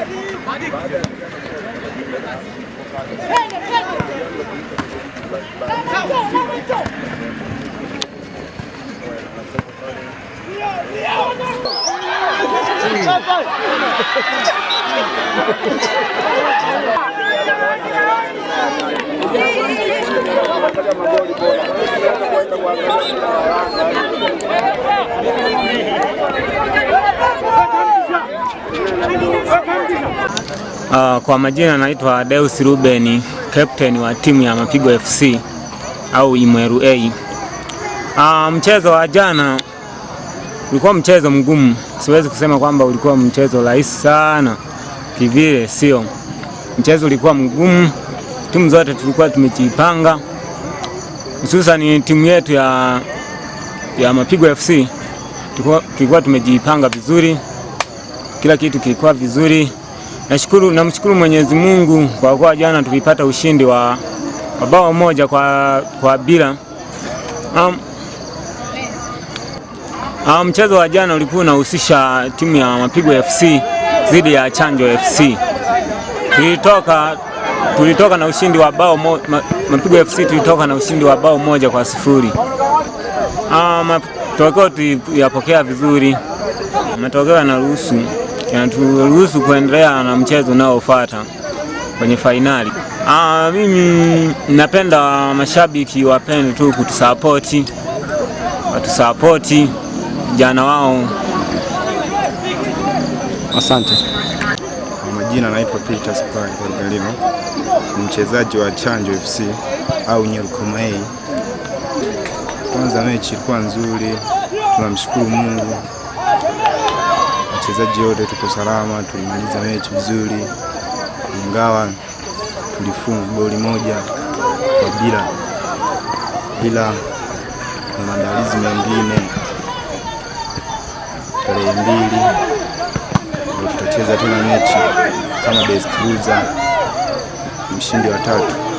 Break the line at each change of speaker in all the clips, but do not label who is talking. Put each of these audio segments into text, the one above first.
빨리. 아, Uh, kwa majina naitwa Deus Ruben, captain wa timu ya Mapigo FC au Imweru A. Uh, mchezo wa jana ulikuwa mchezo mgumu, siwezi kusema kwamba ulikuwa mchezo rahisi sana kivile, sio. Mchezo ulikuwa mgumu, timu zote tulikuwa tumejipanga, hususani timu yetu ya, ya Mapigo FC tulikuwa tumejipanga vizuri, kila kitu kilikuwa vizuri Nashukuru, namshukuru Mwenyezi Mungu kwa kuwa jana tulipata ushindi wa bao moja kwa, kwa bila. Um, um, mchezo wa jana ulikuwa unahusisha timu ya Mapigo FC dhidi ya Chanjo FC. Tulitoka tulitoka na ushindi wa bao ma, Mapigo FC tulitoka na ushindi wa bao moja kwa sifuri. Um, matokeo tuyapokea vizuri, matokeo yanaruhusu yanaturuhusu kuendelea na mchezo unaofuata kwenye fainali. Ah, mimi napenda mashabiki wapende tu kutusapoti, watusapoti vijana wao.
Asante. majina anaitwa Peter Safari Galino, ni mchezaji wa Chanjo FC au Nyerukomai. Kwanza mechi ilikuwa nzuri, tunamshukuru Mungu wachezaji wote tuko salama, tulimaliza mechi vizuri, ingawa tulifunga goli moja kwa bila, ila na maandalizi mengine tarehe mbili tutacheza tena mechi kama best loser, mshindi wa tatu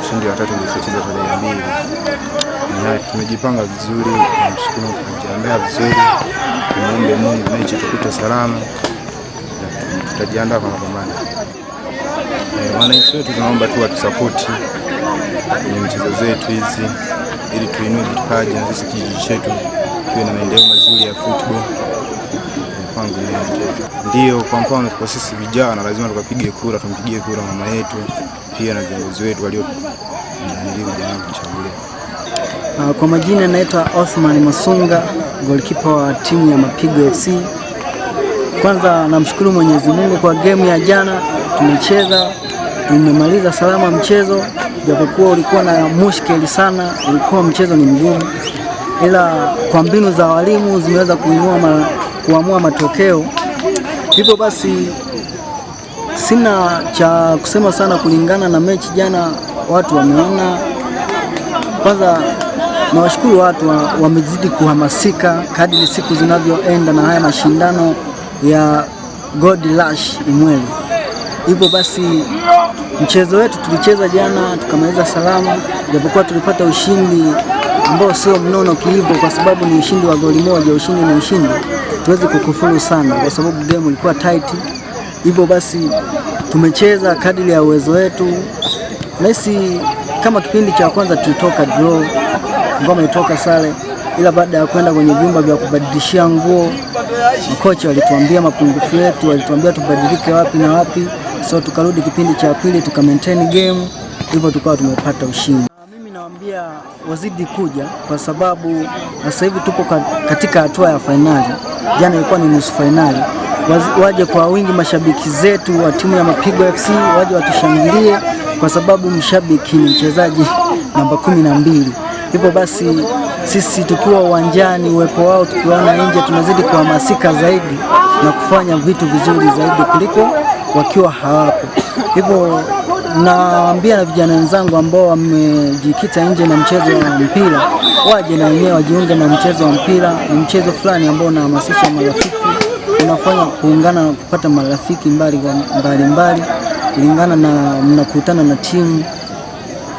ushindi wa tatu ulifuatilia tarehe ya mbili. Tumejipanga vizuri, mshukuru, tumejiandaa vizuri, tunaombe Mungu mechi tukute salama, tutajiandaa kwa mapambano. Eh, wananchi wetu tunaomba tu watusapoti kwenye michezo zetu hizi, ili tuinue vipaji na sisi kijiji chetu kiwe na maendeleo mazuri ya football. Eh, kwangu ndio, kwa mfano, kwa sisi vijana lazima tukapige kura, tumpigie kura mama yetu pia na viongozi wetu waliojaniliwa jana
ah, Kwa majina naitwa Othman Masunga, golikipa wa timu ya Mapigo FC. Kwanza namshukuru Mwenyezi Mungu kwa game ya jana, tumecheza tumemaliza salama mchezo, japokuwa ulikuwa na mushkeli sana, ulikuwa mchezo ni mgumu, ila kwa mbinu za walimu zimeweza kuinua kuamua matokeo. Hivyo basi Sina cha kusema sana kulingana na mechi jana. Watu wameona, kwanza nawashukuru watu wamezidi kuhamasika ni siku zinavyoenda na haya mashindano ya God Lash Imweli. Hivyo basi mchezo wetu tulicheza jana tukamaliza salama, japokuwa tulipata ushindi ambao sio mnono kilivyo, kwa sababu ni ushindi wa goli moja. Ushindi ni ushindi, tuwezi kukufuru sana, kwa sababu game ilikuwa tight. Hivyo basi tumecheza kadri ya uwezo wetu. Nahisi kama kipindi cha kwanza tulitoka draw, ngoma itoka sare, ila baada ya kwenda kwenye vyumba vya kubadilishia nguo, kocha walituambia mapungufu yetu, walituambia tubadilike wapi na wapi, so tukarudi kipindi cha pili tuka maintain game, hivyo tukawa tumepata ushindi. Nawaambia wazidi kuja kwa sababu sasa hivi tupo katika hatua ya fainali. Jana ilikuwa ni nusu fainali. Waje kwa wingi mashabiki zetu wa timu ya Mapigo FC, waje watushangilie kwa sababu mshabiki ni mchezaji namba kumi na mbili. Hivyo basi sisi tukiwa uwanjani, uwepo wao tukiwaona nje, tunazidi kuhamasika zaidi na kufanya vitu vizuri zaidi kuliko wakiwa hawapo. Hivyo naambia na vijana wenzangu ambao wamejikita nje na mchezo wa mpira waje na wenyewe wajiunge na mchezo wa mpira. Ni mchezo fulani ambao unahamasisha marafiki, unafanya kuungana na kupata marafiki mbali mbalimbali, kulingana na mnakutana na timu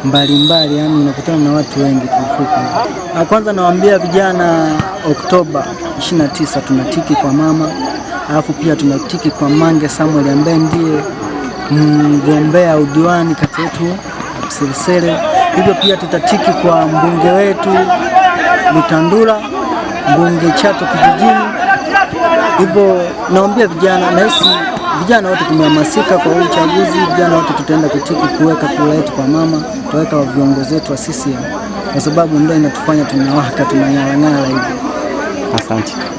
mbalimbali, yani unakutana na watu wengi. Kifupi, ah, kwanza nawaambia vijana, Oktoba 29 tunatiki kwa mama, alafu pia tunatiki kwa Mange Samuel ambaye ndiye mgombea udiwani kati yetu Mselesele. Hivyo pia tutatiki kwa mbunge wetu Lutandula, mbunge Chato kijijini. Hivyo naombea vijana, nahisi vijana wote tumehamasika kwa huu uchaguzi. Vijana wote tutaenda kutiki kuweka kura yetu kwa mama, tutaweka viongozi wetu wa CCM kwa sababu ndio inatufanya tunawaka tunanyalang'ala hivi.
Asante.